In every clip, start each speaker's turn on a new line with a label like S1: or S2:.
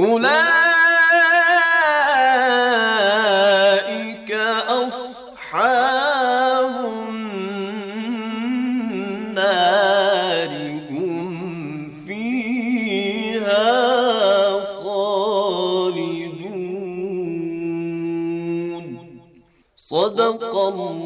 S1: أولئك أصحاب النار هم فيها خالدون صدق الله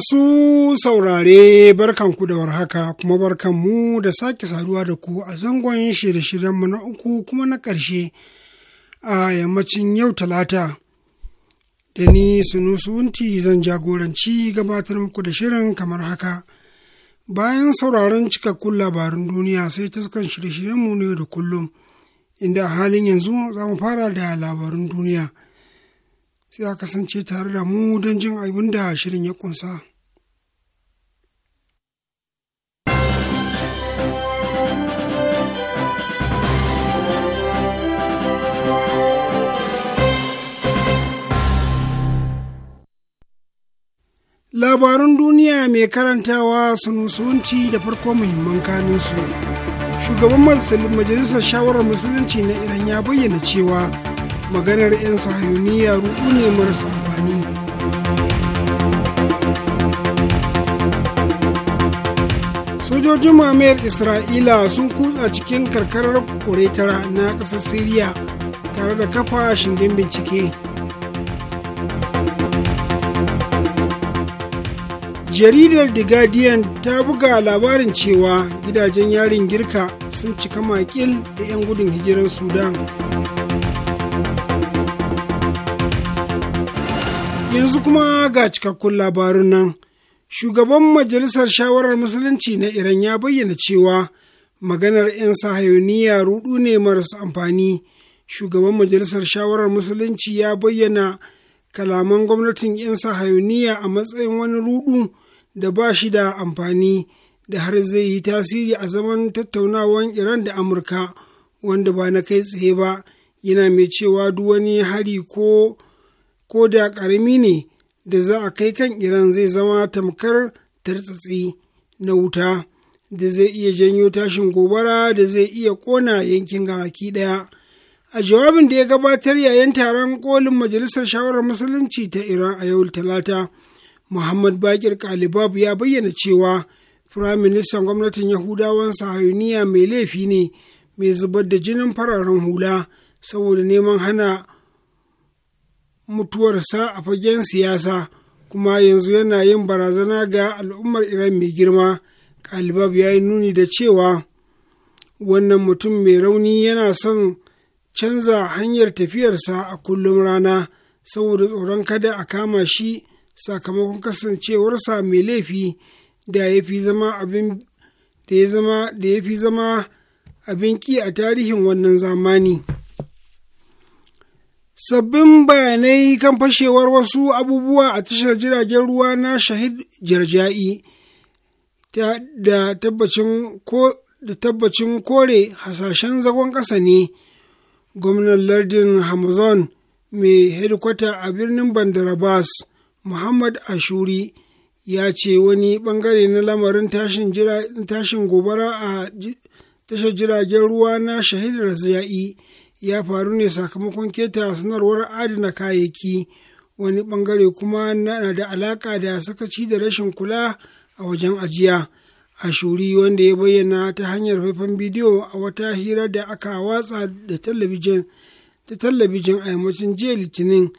S2: Masu saurare barkan ku da warhaka kuma barkan mu da sake saduwa da ku a zangon shirye-shiryenmu na uku kuma na ƙarshe a yammacin yau talata. Da ni sunusunti zan jagoranci gabatar muku da shirin kamar haka. Bayan sauraron cikakkun labarin duniya sai ta taskan shirye-shiryenmu ne da kullum, inda a halin yanzu za mu fara da labarin duniya. sai a kasance tare da mu don jin abin da shirin ya kunsa. Labarun duniya mai karantawa sunusunci da farko muhimman kaninsu. Shugaban Majalisar Shawarar Musulunci na Iran ya bayyana cewa maganar 'yan sahayuniya ruɗu ne marasa amfani. Sojojin mamayar Isra'ila sun kutsa cikin karkarar koretara na ƙasar Siriya tare da kafa shingen bincike. jaridar the guardian ta buga labarin cewa gidajen yarin girka sun cika makil da 'yan gudun hijiran sudan yanzu kuma ga cikakkun labarun nan shugaban majalisar shawarar musulunci na iran ya bayyana cewa maganar 'yan sahayoniya rudu ne marasa amfani shugaban majalisar shawarar musulunci ya bayyana kalaman gwamnatin 'yan sahayoniya a matsayin wani rudu da ba shi da amfani da har zai yi tasiri a zaman tattaunawan Iran da Amurka wanda ba na kai tsaye ba yana mai cewa duk wani hari ko ko da ƙarami ne da za a kai kan Iran zai zama tamkar tartsatsi na wuta da zai iya janyo tashin gobara da zai iya ƙona yankin gabaki ɗaya. A jawabin da ya gabatar yayin taron kolin Majalisar Shawarar Musulunci ta Iran a yau Talata, muhammad bakir kalibab ya bayyana cewa firaministan gwamnatin yahudawan sahayuniya mai laifi ne mai zubar da jinin fararen hula saboda neman hana mutuwarsa a fagen siyasa kuma yanzu yana yin barazana ga al'ummar iran mai girma kalibab ya yi nuni da cewa wannan mutum mai rauni yana son canza hanyar tafiyarsa a kullum rana saboda tsoron kada a kama shi sakamakon kasancewarsa mai laifi da ya fi zama abin da ya zama da ya fi zama abin ki a tarihin wannan zamani sabbin bayanai kan fashewar wasu abubuwa a tashar jiragen ruwa na shahid jarja'i da tabbacin ko da tabbacin kore hasashen zagon ƙasa ne gwamnan lardin hamazon mai hedikwata a birnin bandarabas. muhammad ashuri ya ce wani bangare na lamarin tashin gobara a tashar jiragen ruwa na shahidar zai ya faru ne sakamakon keta sanarwar adana kayayyaki wani ɓangare kuma na da alaƙa da sakaci da rashin kula a wajen ajiya ashuri wanda ya bayyana ta hanyar faifan bidiyo a wata hira da aka watsa da talabijin a yammacin jiya litinin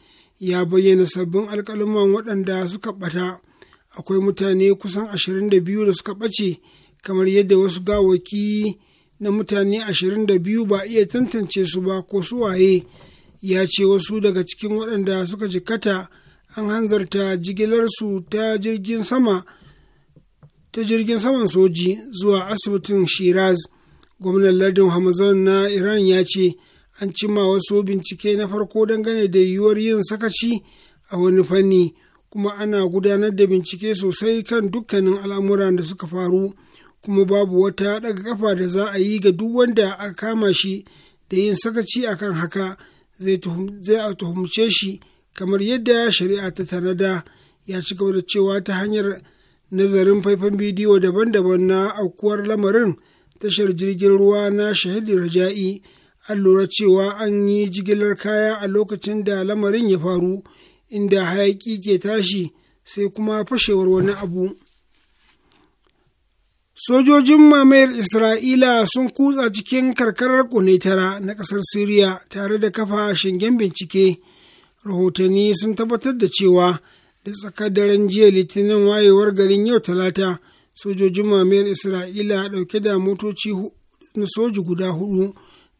S2: ya bayyana sabbin alkaluman waɗanda suka ɓata akwai mutane kusan ashirin da biyu da suka ɓace kamar yadda wasu gawaki na mutane ashirin da biyu ba iya tantance su ba ko suwaye ya ce wasu daga cikin waɗanda suka jikata an hanzarta jigilarsu ta jirgin sama ta jirgin saman soji zuwa asibitin shiraz gwamnan lardin hamazon na iran ya ce an cimma wasu bincike na farko dangane da yiwuwar yin sakaci a wani fanni kuma ana gudanar da bincike sosai kan dukkanin al'amura da suka faru kuma babu wata daga kafa da za a yi ga duk wanda aka kama shi da yin sakaci akan haka zai a tuhumce shi kamar yadda shari'a ta tanada ya ci gaba da cewa ta hanyar nazarin faifan bidiyo daban-daban na aukuwar lamarin tashar jirgin ruwa na shahidi raja'i an lura cewa an yi jigilar kaya a lokacin da lamarin ya faru inda hayaƙi ke tashi sai kuma fashewar wani abu sojojin mamayar isra'ila sun kutsa cikin karkarar tara na ƙasar siriya tare da kafa shingen bincike rahotanni sun tabbatar da cewa da tsakar daren jiya litinin wayewar garin yau talata sojojin mamayar isra'ila dauke da motoci na soji guda hudu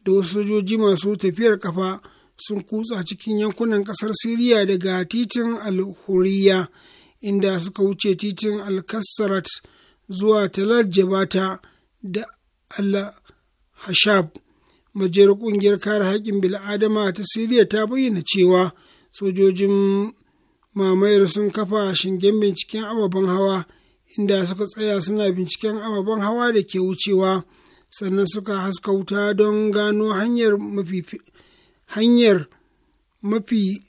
S2: da wasu sojoji masu tafiyar kafa sun kutsa cikin yankunan kasar siriya daga titin al-huriya inda suka wuce titin al zuwa talar jabata da al-hashab majiyar kungiyar kare haƙƙin bil'adama ta siriya ta bayyana cewa sojojin mamayar sun kafa shingen binciken ababen hawa inda suka tsaya suna binciken ababen hawa da ke wucewa. sannan suka haska wuta don gano hanyar mafi hanyar mafi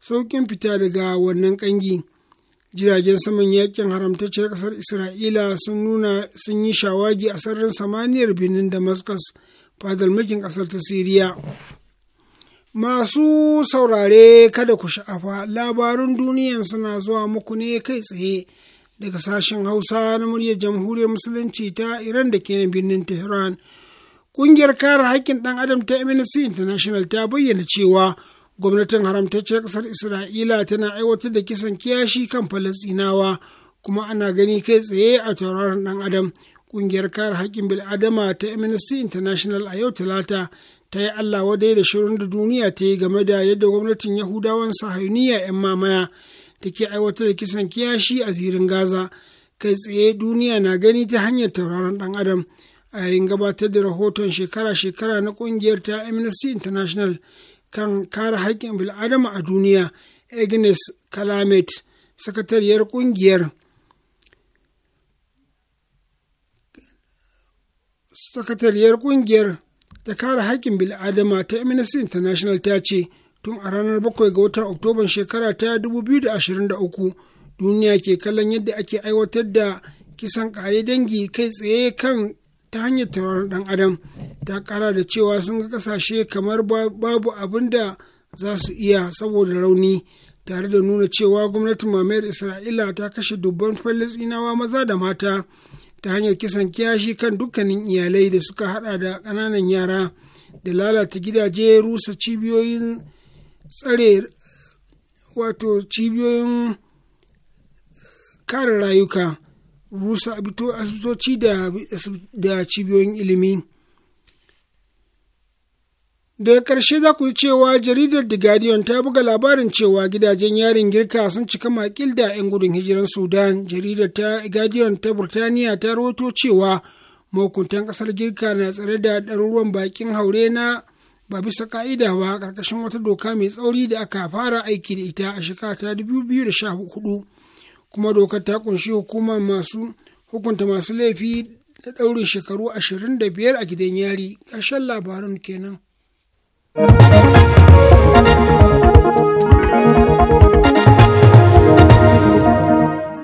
S2: sauƙin fita daga wannan ƙangi jiragen saman yakin haramtacciyar ƙasar isra'ila sun nuna sun yi shawagi a sararin samaniyar birnin damascus fadalmakin ƙasar ta siriya masu saurare kada ku sha'afa labarun duniyan suna zuwa muku ne kai tsaye daga sashen hausa na muryar jamhuriyar musulunci ta iran da ke birnin tehran kungiyar kare haƙƙin ɗan adam ta amnesty international ta bayyana cewa gwamnatin haramtacciyar ƙasar isra'ila tana aiwatar da kisan kiyashi kan falastinawa kuma ana gani kai tsaye a tauraron ɗan adam ƙungiyar kare haƙƙin bil'adama ta amnesty international a yau talata ta yi allah wadai da shirin da duniya ta yi game da yadda gwamnatin yahudawan sahayuniya 'yan mamaya da ke aiwatar da kisan kiyashi a zirin gaza kai tsaye duniya na gani ta hanyar tauraron dan adam a yayin gabatar da rahoton shekara-shekara na kungiyar ta amnesty international kan kare haƙƙin bil'adama a duniya agnes kalamet sakatariyar kungiyar sakatariyar kungiyar ta kare haƙƙin bil'adama ta amnesty international ta ce tun a ranar 7 ga watan oktoban shekara ta 2023 duniya ke kallon yadda ake aiwatar da kisan kare dangi kai tsaye kan ta hanyar tauraron dan adam ta kara da cewa sun ga kasashe kamar babu abin da za su iya saboda rauni tare da nuna cewa gwamnatin mamayar isra'ila ta kashe dubban falisinawa maza da mata ta hanyar kisan kiyashi kan dukkanin iyalai da suka hada da kananan yara da lalata gidaje rusa cibiyoyin tsare wato cibiyoyin kare rayuka rusa asibitoci da cibiyoyin ilimi daga ƙarshe za ku yi cewa jaridar the guardian ta buga labarin cewa gidajen yarin girka sun cika makil da 'yan gudun hijiran sudan jaridar ta guardian ta burtaniya ta rahoto cewa mahukuntan ƙasar girka na tsare da ɗaruruwan bakin haure na ba bisa ka'ida ba ƙarƙashin wata doka mai tsauri da aka fara aiki da ita a shekara ta 2014 kuma dokar ta kunshi hukumar masu hukunta masu laifi da ɗaurin shekaru ashirin da biyar a gidan yari ƙarshen labarin kenan.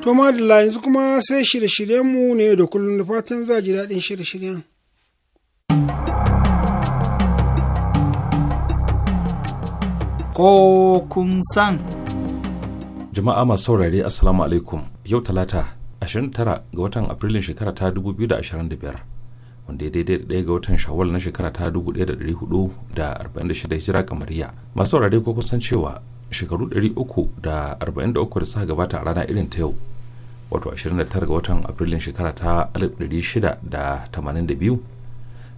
S2: To yanzu kuma sai shirye-shiryenmu ne da kullum da fatan za ji daɗin shirye-shiryen. ko kun
S3: san. Jama'a masu saurare Assalamu alaikum yau talata 29 ga watan Afrilun shekara ta 2025 wanda ya daidai da ɗaya ga watan shawal na shekara ta 1446 jira kamariya masu saurare ko kusan cewa shekaru 343 da suka gabata a rana irin ta yau wato 29 ga watan Afrilun shekara ta 1682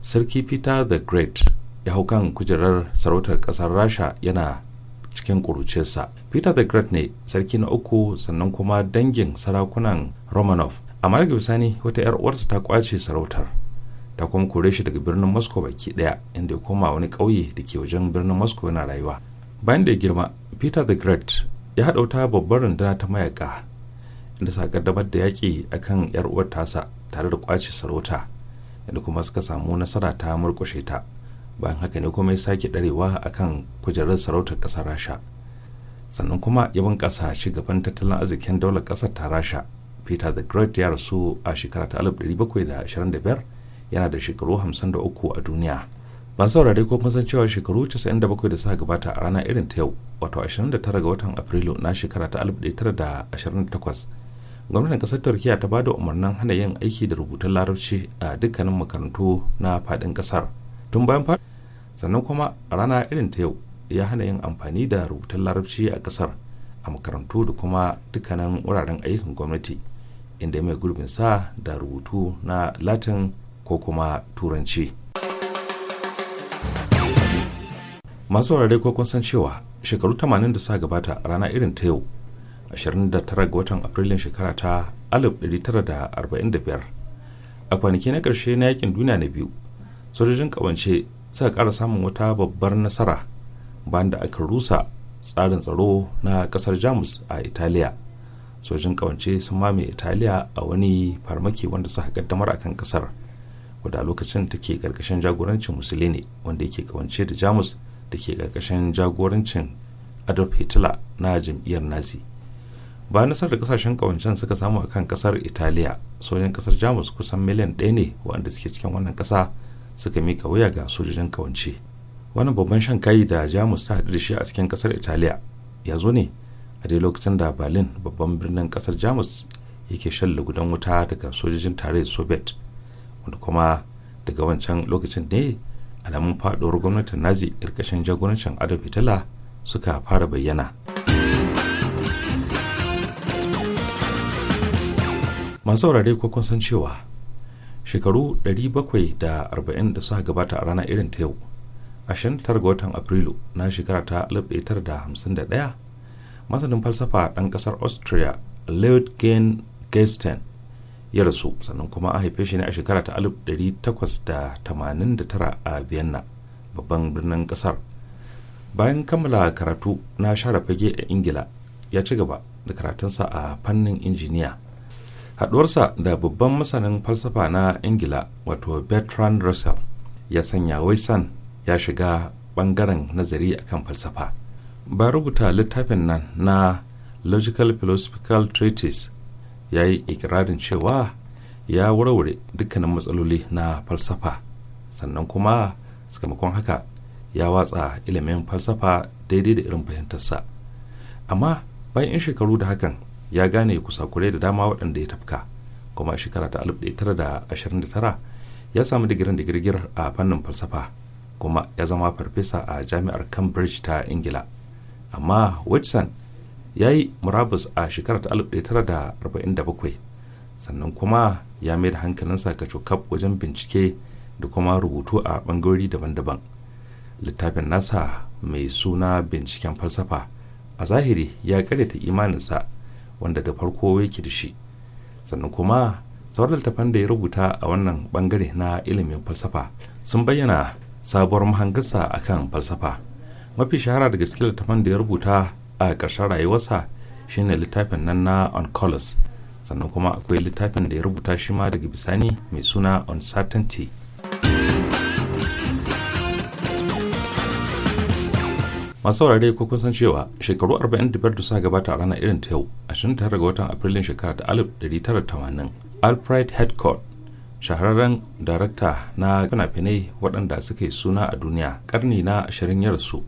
S3: sarki peter the great ya hau kan kujerar sarautar kasar rasha yana cikin ƙuruciyarsa peter the great ne sarki na uku sannan kuma dangin sarakunan romanov amma daga bisani wata 'yar uwarsa ta kwace sarautar ta kuma kore shi daga birnin moscow baki daya inda ya koma wani ƙauye da ke wajen birnin moscow yana rayuwa bayan da ya girma peter the great ya haɗa wata babbar runduna ta mayaka inda suka kaddamar da yaƙi akan 'yar uwar tasa tare da kwace sarauta inda kuma suka samu nasara ta murƙushe ta bayan haka ne kuma ya sake ɗarewa kan kujerar sarautar ƙasar rasha sannan kuma ya bunƙasa shugaban tattalin arzikin daular kasar ta rasha peter the great ya rasu a shekara ta 1725 yana da shekaru 53 a duniya ba saurare ko kun san cewa shekaru 97 da suka gabata a rana irin ta yau wato 29 ga watan afrilu na shekara ta 1928 gwamnatin kasar turkiya ta ba da umarnin hana yin aiki da rubutun larabci a dukkanin makarantu na faɗin ƙasar tun bayan fa sannan kuma rana irin ta yau ya hana yin amfani da rubutun larabci a kasar a makarantu da kuma dukkanin wuraren ayyukan gwamnati inda mai gurbin sa da rubutu na latin ko kuma turanci masu wurare ko kun san cewa shekaru 80 da sa gabata a rana irin ta yau 29 ga watan afrilun shekara ta 1945 a kwanaki na karshe na yakin duniya na biyu sojojin ƙawance suka ƙara samun wata babbar nasara bayan da aka rusa tsarin tsaro na ƙasar jamus a italiya sojojin kawance sun mame italiya a wani farmaki wanda suka kaddamar akan ƙasar wadda lokacin take karkashin jagorancin musulini wanda yake kawance da jamus da ke ƙarƙashin jagorancin adolf hitler na jam'iyyar nazi ba nasar da kasashen kawancen suka samu akan kasar italiya sojin kasar jamus kusan miliyan ɗaya ne waɗanda suke cikin wannan ƙasa suka mika waya ga sojojin kawance wani babban shan kayi da jamus ta haɗu da shi a cikin ƙasar italiya ya zo ne a dai lokacin da berlin babban birnin ƙasar jamus yake shan lugudan wuta daga sojojin tarayyar soviet wanda kuma daga wancan lokacin ne alamun faɗuwar gwamnatin nazi ƙarƙashin jagorancin adolf hitler suka fara bayyana masu saurare ko kun san cewa shekaru 740 da suka gabata a rana irin ta yau shantar ga watan afrilu na shekara ta 1951 masanin falsafa ɗan ƙasar austria gain gesten ya rasu sannan kuma an haife shi ne a shekara ta 1889 a vienna babban birnin ƙasar bayan kammala karatu na share fage a ingila ya ci gaba da karatunsa a fannin injiniya haɗuwarsa da babban masanin falsafa na ingila wato bertrand russell ya sanya wai san ya shiga bangaren nazari akan falsafa ba rubuta littafin nan na logical philosophical treatise ya yi ikirarin cewa ya warware dukkanin matsaloli na falsafa sannan kuma sakamakon haka ya watsa ilimin falsafa daidai da irin fahimtarsa amma bayan 'yan shekaru da hakan ya gane kusa kusakurai da dama waɗanda ya tafka kuma a shekara ta 1929 ya samu digirin girgir a fannin falsafa kuma ya zama farfesa a jami'ar cambridge ta ingila amma watson ya yi murabus a shekara ta 1947 sannan kuma ya mai da hankalinsa ga cokab wajen bincike da kuma rubutu a bangarori daban-daban littafin nasa mai suna binciken falsafa a zahiri ya karyata imaninsa wanda da farko yake da shi sannan kuma sauran littafan da ya rubuta a wannan bangare na ilimin falsafa sun bayyana sabuwar mahangarsa kan falsafa mafi shahara daga cikin littafan da ya rubuta a ƙarshen rayuwarsa shine littafin nan na colors sannan kuma akwai littafin da ya rubuta shi ma daga bisani mai suna uncertainty masu saurare ko kun san cewa shekaru 40 da suka gabata a ranar irin ta yau 29 ga watan afrilun shekara ta 1980 alfred headcourt shahararren darakta na fina-finai waɗanda suka yi suna a duniya karni na 20 yarsu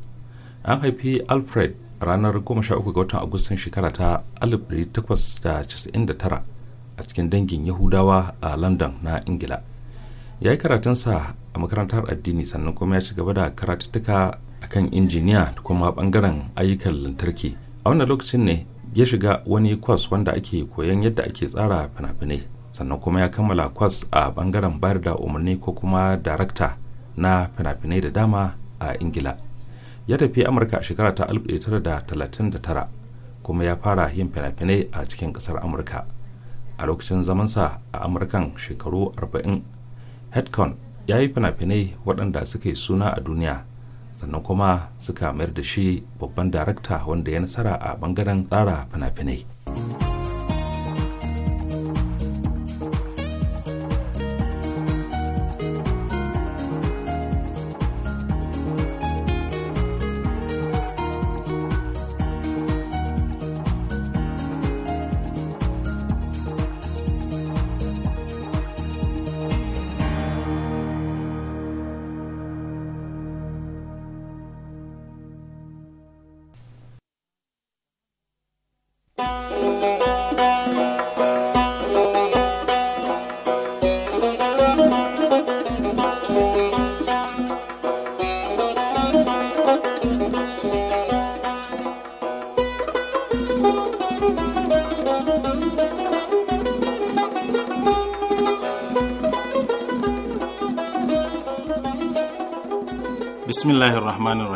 S3: an haifi alfred ranar 13 ga watan agustan shekara ta 1899 a cikin dangin yahudawa a london na ingila ya yi karatunsa a makarantar addini sannan kuma ya ci gaba da karatuttuka akan injiniya da kuma bangaren ayyukan lantarki a wannan lokacin ne ya shiga wani kwas wanda ake koyon yadda ake tsara fina-finai sannan kuma ya kammala kwas a bangaren bayar da umarni ko kuma darakta na fina-finai da dama a ingila ya tafi amurka a shekara ta 1939 kuma ya fara yin fina-finai a cikin kasar amurka a lokacin zamansa a amurkan shekaru 40 headcon ya yi fina-finai waɗanda suka yi suna a duniya sannan kuma suka mayar da shi babban darakta wanda ya nasara a bangaren tsara fina-finai.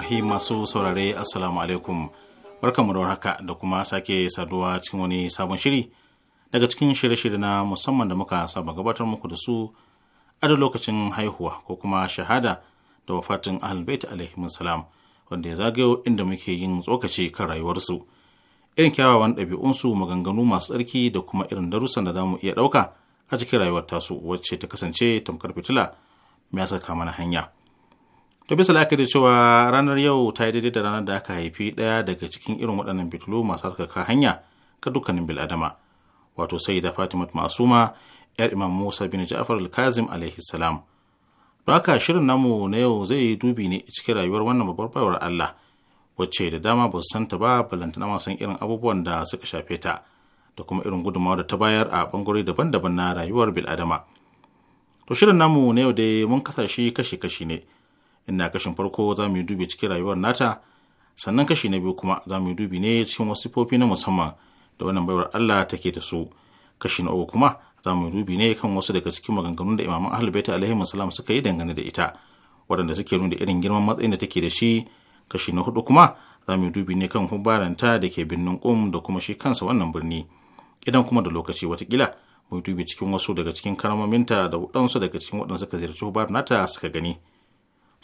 S4: rahim masu saurare assalamu alaikum barkanmu da haka da kuma sake saduwa cikin wani sabon shiri daga cikin shirye-shirye na musamman da muka saba gabatar muku da su a da lokacin haihuwa ko kuma shahada da wafatin ahalbait alaihi salam wanda ya zagayo inda muke yin tsokaci kan rayuwarsu irin kyawawan ɗabi'unsu maganganu masu tsarki da kuma irin darussan da za mu iya ɗauka a cikin rayuwar tasu wacce ta kasance tamkar fitila mai saka mana hanya. to bisa la'akari cewa ranar yau ta yi daidai da ranar da aka haifi ɗaya daga cikin irin waɗannan fitilu masu harkaka hanya ga dukkanin bil'adama wato sai da fatimat masuma yar imam musa bin ja'far al-kazim alaihi salam don haka shirin namu na yau zai yi dubi ne cikin rayuwar wannan babbar bayar allah wacce da dama ba su ta ba balanta ma san irin abubuwan da suka shafe ta da kuma irin gudunmawa da ta bayar a bangare daban-daban na rayuwar bil'adama to shirin namu na yau dai mun kasashe kashi-kashi ne inda kashin farko za mu yi dubi cikin rayuwar nata sannan kashi na biyu kuma za mu yi dubi ne cikin wasu sifofi na musamman da wannan baiwar Allah take da su kashi na uku kuma za mu yi dubi ne kan wasu daga cikin maganganun da imaman ahlul baita alaihi wasallam suka yi dangane da ita waɗanda suke nuna irin girman matsayin da take da shi kashi na hudu kuma za mu yi dubi ne kan hubaranta da ke birnin ƙum da kuma shi kansa wannan birni idan kuma da lokaci wata kila mu dubi cikin wasu daga cikin kalmominta da waɗansu daga cikin waɗanda suka ziyarci hubar nata suka gani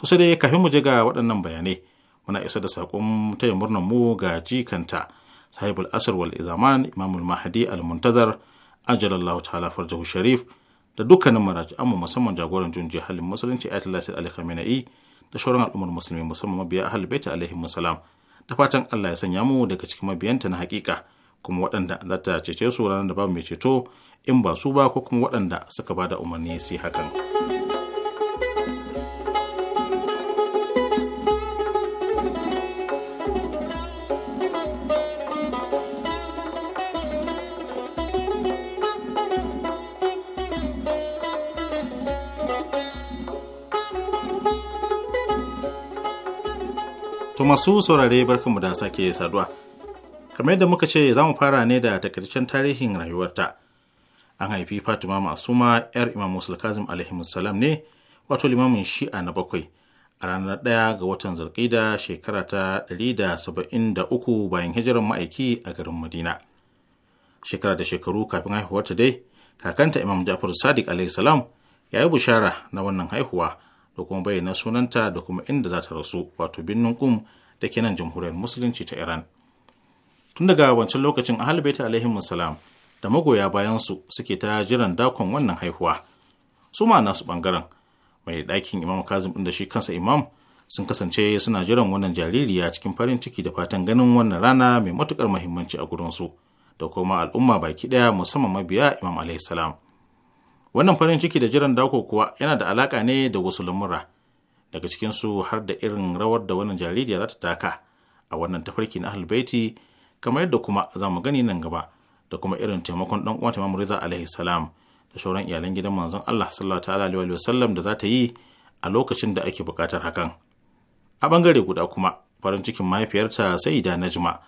S4: kusa dai kafin mu je ga waɗannan bayanai muna isa da saƙon taya murnar mu ga jikanta sahibul asr wal izaman imamul mahadi al muntazar ajalallahu ta'ala farjahu sharif da dukkanin maraji amma musamman jagoran jun halin musulunci ayatollah sayyid ali khamenei da shauran al'ummar musulmi musamman mabiya ahlul ta alaihim salam da fatan Allah ya sanya mu daga cikin mabiyanta na hakika kuma waɗanda za ta cece su ranar da babu mai ceto in ba su ba ko kuma waɗanda suka ba da umarni sai hakan. To masu saurare barkanmu da sake saduwa. Kamar yadda muka ce za mu fara ne da takaitaccen tarihin rayuwarta. An haifi Fatima Masuma ‘yar Imam Musul Kazim salam ne, wato limamin Shi'a na bakwai, a ranar ɗaya ga watan Zulƙida shekara ta ɗari da da uku bayan hijirar ma'aiki a garin Madina. Shekara da shekaru kafin haihuwarta dai, kakanta Imam Ja'far Sadiq salam ya yi bushara na wannan haihuwa da kuma bayyana sunanta da kuma inda za ta rasu wato birnin kum da ke nan jamhuriyar musulunci ta iran tun daga wancan lokacin ahal baita alaihim salam da magoya bayansu suke ta jiran dakon wannan haihuwa su ma nasu bangaren mai ɗakin imam kazim ɗin da shi kansa imam sun kasance suna jiran wannan jaririya cikin farin ciki da fatan ganin wannan rana mai matukar muhimmanci a gurinsu da kuma al'umma baki ɗaya musamman mabiya imam alaihi salam wannan farin ciki da jiran dako kuwa yana da alaka ne da wasu lamura daga cikinsu har da irin rawar da wannan jaririya za ta taka a wannan tafarki na ahlbaiti kamar yadda kuma za mu gani nan gaba da kuma irin taimakon dan uwan tamamu riza alaihi salam da sauran iyalan gidan manzon Allah sallallahu ta'ala alaihi wa sallam da za ta yi a lokacin da ake buƙatar hakan a bangare guda kuma farin cikin mahaifiyarta sai da Najma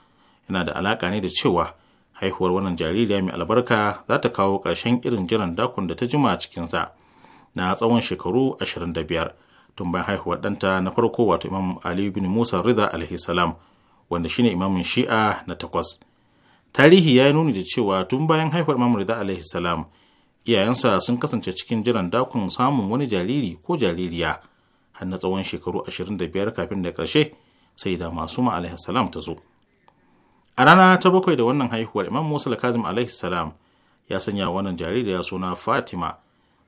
S4: yana da alaka ne da cewa haihuwar wannan jaririya mai albarka za ta kawo ƙarshen irin jiran dakon da ta jima cikinsa na tsawon shekaru 25 tun bayan haihuwar ɗanta na farko wato imam aliyu bin musa rida alaihi salam wanda shine imamin shi'a na takwas tarihi ya yi nuni da cewa tun bayan haihuwar imam rida alaihi iyayensa sun kasance cikin jiran dakon samun wani jariri ko jaririya har na tsawon shekaru 25 kafin da ƙarshe sai da masu ma alaihi ta zo a rana ta bakwai da wannan haihuwar imam musa kazim alaihi salam ya sanya wannan ya suna fatima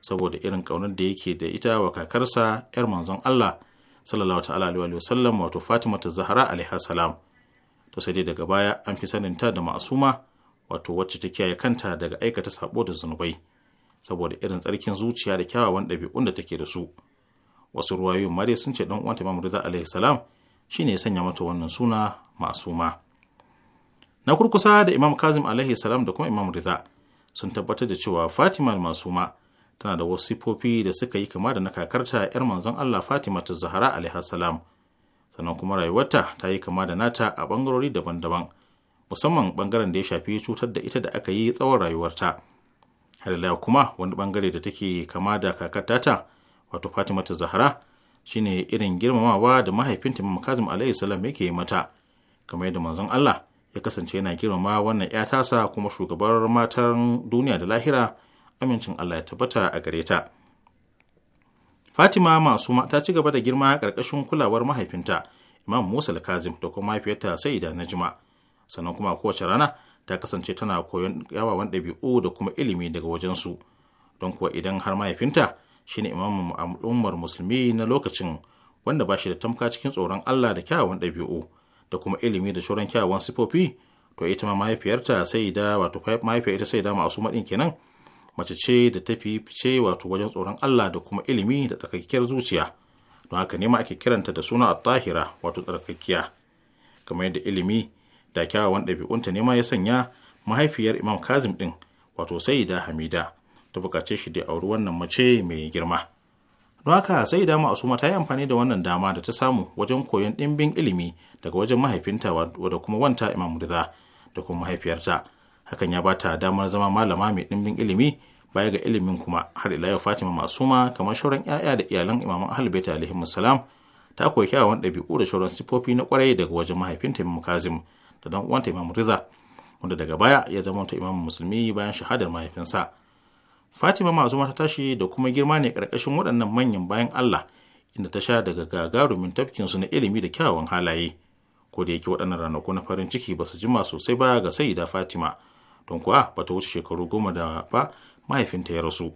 S4: saboda irin ƙaunar da yake da ita wa kakarsa yar manzon allah sallallahu ta'ala alaihi wa sallam wato fatima ta zahara alaiha salam to sai dai daga baya an fi sanin ta da ma'asuma wato wacce ta kiyaye kanta daga aikata sabo da zunubai saboda irin tsarkin zuciya da kyawawan ɗabi'un da take da su wasu ruwayoyin mare sun ce ɗan uwanta Imam Rida alaihi salam shine ya sanya mata wannan suna ma'asuma na kurkusa da imam kazim alaihi salam da kuma imam rida sun tabbatar da cewa fatima masuma tana da wasu sifofi da suka yi kama da na kakarta yar manzon allah fatima ta zahara alaihi salam sannan kuma rayuwarta ta yi kama da nata a bangarori daban-daban musamman bangaren da ya shafi cutar da ita da aka yi tsawon rayuwarta har kuma wani bangare da take kama da kakarta ta wato fatima ta zahara shine irin girmamawa da mahaifinta imam kazim alaihi salam yake yi mata kamar yadda manzon allah ya kasance yana girmama wannan 'ya tasa kuma shugabar matan duniya da lahira amincin Allah ya tabbata a gare ta. Fatima Masuma ta ci gaba da girma ƙarƙashin kulawar mahaifinta Imam Musa Kazim da kuma mahaifiyarta na Najma. Sannan kuma kowace rana ta kasance tana koyon yawawan ɗabi'u da kuma ilimi daga wajen su Don kuwa idan har mahaifinta shine Imam Umar musulmi na lokacin wanda ba shi da tamka cikin tsoron Allah da kyawawan ɗabi'u. da kuma ilimi da shoran kyawawan sifofi to ita ma mahaifiyarta sai da wato mahaifiyar ita sai da masu maɗin kenan mace ce da ta fi fice wato wajen tsoron Allah da kuma ilimi da tsarkakkiyar zuciya don haka ne ma ake kiranta da suna at-tahira wato tsarkakkiya kamar yadda ilimi da kyawawan ɗabi'unta ne ma ya sanya mahaifiyar Imam Kazim din wato sai da Hamida ta bukace shi da auri wannan mace mai girma don haka sai dama asuma ta yi amfani da wannan dama da ta samu wajen koyon ɗimbin ilimi daga wajen mahaifinta da kuma wanta imam murza da kuma mahaifiyarta hakan ya bata damar zama malama mai ɗimbin ilimi baya ga ilimin kuma har ila yau fatima masuma kamar shauran 'ya'ya da iyalan imaman ahlbaita alaihi salam ta koyi kyawawan ɗabi'u da shauran sifofi na kwarai daga wajen mahaifinta imam kazim da dan uwanta imam riza wanda daga baya ya zama wata imam musulmi bayan shahadar mahaifinsa fatima zuma ta tashi da kuma girma ne karkashin waɗannan manyan bayan allah inda ta sha daga gagarumin tafkin su na ilimi da kyawawan halaye ko da yake waɗannan ranaku na farin ciki ba su jima sosai ba ga sayida fatima don kuwa ba ta wuce shekaru goma da ba mahaifinta ya rasu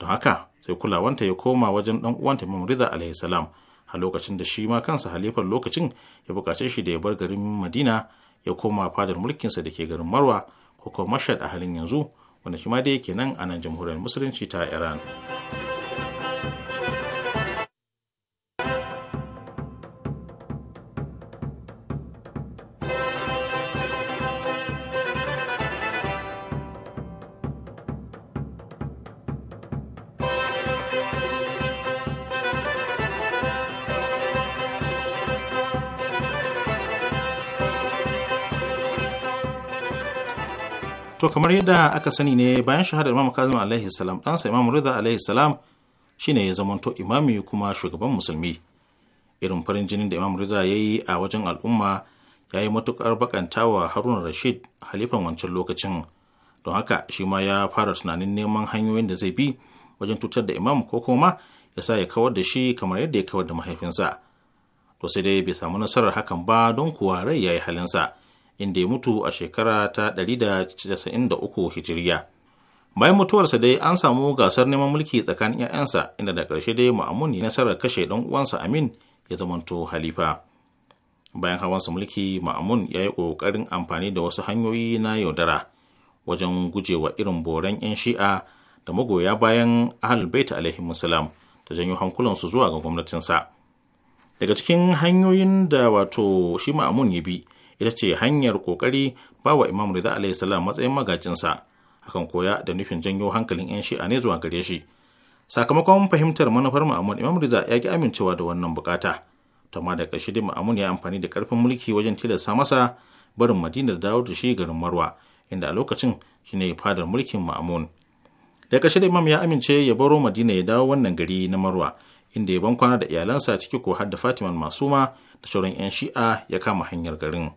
S4: don haka sai kulawanta ya koma wajen ɗan uwanta mamuriza alayhi salam a lokacin da shi ma kansa halifar lokacin ya buƙace shi da ya bar garin madina ya koma fadar mulkinsa da ke garin marwa ko kuma Mashhad a halin yanzu wanda shi ma dai kenan a nan jamhuriyar musulunci ta iran to kamar yadda aka sani ne bayan shahadar imam kazim alaihi salam ɗansa imam rida alaihi salam shine ya zamanto imami kuma shugaban musulmi irin farin jinin da imam rida ya yi a wajen al'umma ya yi matuƙar bakantawa haruna rashid halifan wancan lokacin don haka shi ma ya fara tunanin neman hanyoyin da zai bi wajen tutar da imam ko kuma ya sa ya kawar da shi kamar yadda ya kawar da mahaifinsa to sai dai bai samu nasarar hakan ba don kuwa rai ya yi halinsa inda ya mutu a shekara ta 193 hijiriya. Bayan mutuwarsa dai an samu gasar neman mulki tsakanin 'ya'yansa inda da ƙarshe dai Ma'amun ya nasarar kashe ɗan uwansa Amin ya zamanto halifa. Bayan hawansa mulki Ma'amun ya yi ƙoƙarin amfani da wasu hanyoyi na yaudara wajen gujewa irin boran 'yan shi'a da magoya bayan Ahlul Bait alaihi musalam da janyo hankulansu zuwa ga gwamnatinsa. Daga cikin hanyoyin da wato shi Ma'amun ya bi ita ce hanyar kokari ba wa imam rida alayhi salam matsayin magajinsa hakan koya da nufin janyo hankalin 'yan shi'a ne zuwa gare shi sakamakon fahimtar manufar ma'amun imam rida ya ki amincewa da wannan bukata ma da ƙarshe dai ma'amun ya amfani da ƙarfin mulki wajen tilasta masa barin madinar dawo da shi garin marwa inda a lokacin shine fadar mulkin ma'amun da ƙarshe da imam ya amince ya baro madina ya dawo wannan gari na marwa inda ya ban kwana da iyalansa ciki ko har da fatiman masuma da shauran 'yan shi'a ya kama hanyar garin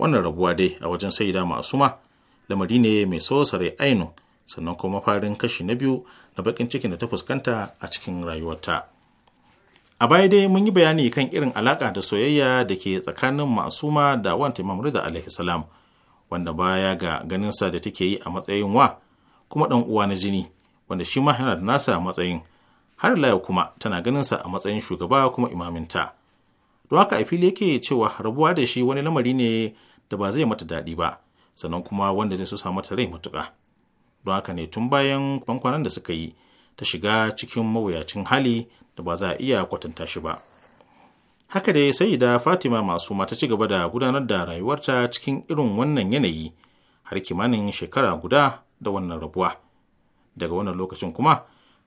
S4: wannan rabuwa dai a wajen sai da ma, lamari ne mai sosare ainu sannan kuma farin kashi na biyu na bakin cikin da ta fuskanta a cikin rayuwarta a baya dai mun yi bayani kan irin alaka da soyayya da ke tsakanin ma'asuma da wanta imam rida alaihi wanda baya ga ganinsa da take yi a matsayin wa kuma ɗan uwa na jini wanda shi ma yana da nasa matsayin har laya kuma tana ganin sa a matsayin shugaba kuma imaminta don haka a fili yake cewa rabuwa da shi wani lamari ne da ba zai mata daɗi ba sannan kuma wanda zai so sa mata rai matuƙa don haka ne tun bayan kwankwanan da suka yi ta shiga cikin mawuyacin hali da ba za a iya kwatanta shi ba haka dai sai da fatima masu mata ci gaba da gudanar da rayuwarta cikin irin wannan yanayi har kimanin shekara guda da wannan rabuwa daga wannan lokacin kuma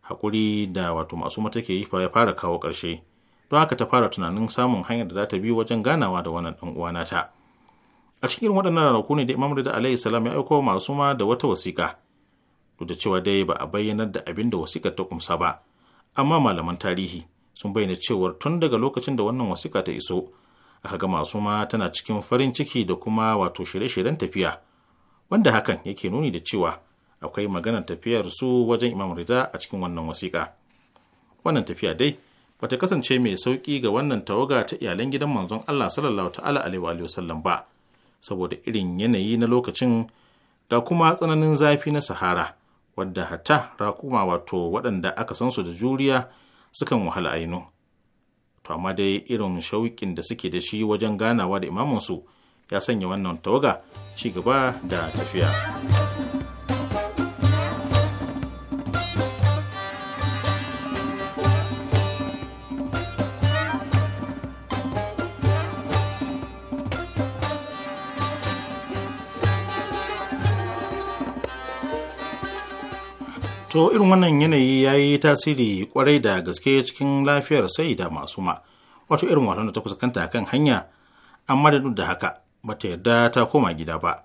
S4: haƙuri da wato masu mata ke yi ya fara kawo ƙarshe don haka ta fara tunanin samun hanyar da za ta bi wajen ganawa da wannan ɗan uwa nata a cikin irin waɗannan ranaku ne da imam rida alayhi salam ya aiko masu ma da wata wasiƙa duk da cewa dai ba a bayyanar da abin da wasiƙar ta kumsa ba amma malaman tarihi sun bayyana cewa tun daga lokacin da wannan wasiƙa ta iso aka ga masu ma tana cikin farin ciki da kuma wato shirye-shiryen tafiya wanda hakan yake nuni da cewa akwai maganar tafiyar su wajen imam rida a cikin wannan wasiƙa wannan tafiya dai bata kasance mai sauƙi ga wannan tawaga ta iyalan gidan manzon Allah sallallahu ta'ala alaihi wa sallam ba saboda irin yanayi na lokacin ga kuma tsananin zafi na sahara wadda hatta rakuma wato waɗanda aka san su da juriya sukan wahala ainu to amma dai irin shauƙin da suke da shi wajen ganawa da imamansu ya sanya wannan tawaga ci gaba da tafiya. to irin wannan yanayi ya yi tasiri kwarai da gaske cikin lafiyar sai da masu ma wato irin wata da ta kusakanta kan hanya amma da duk da haka bata yarda ta koma gida ba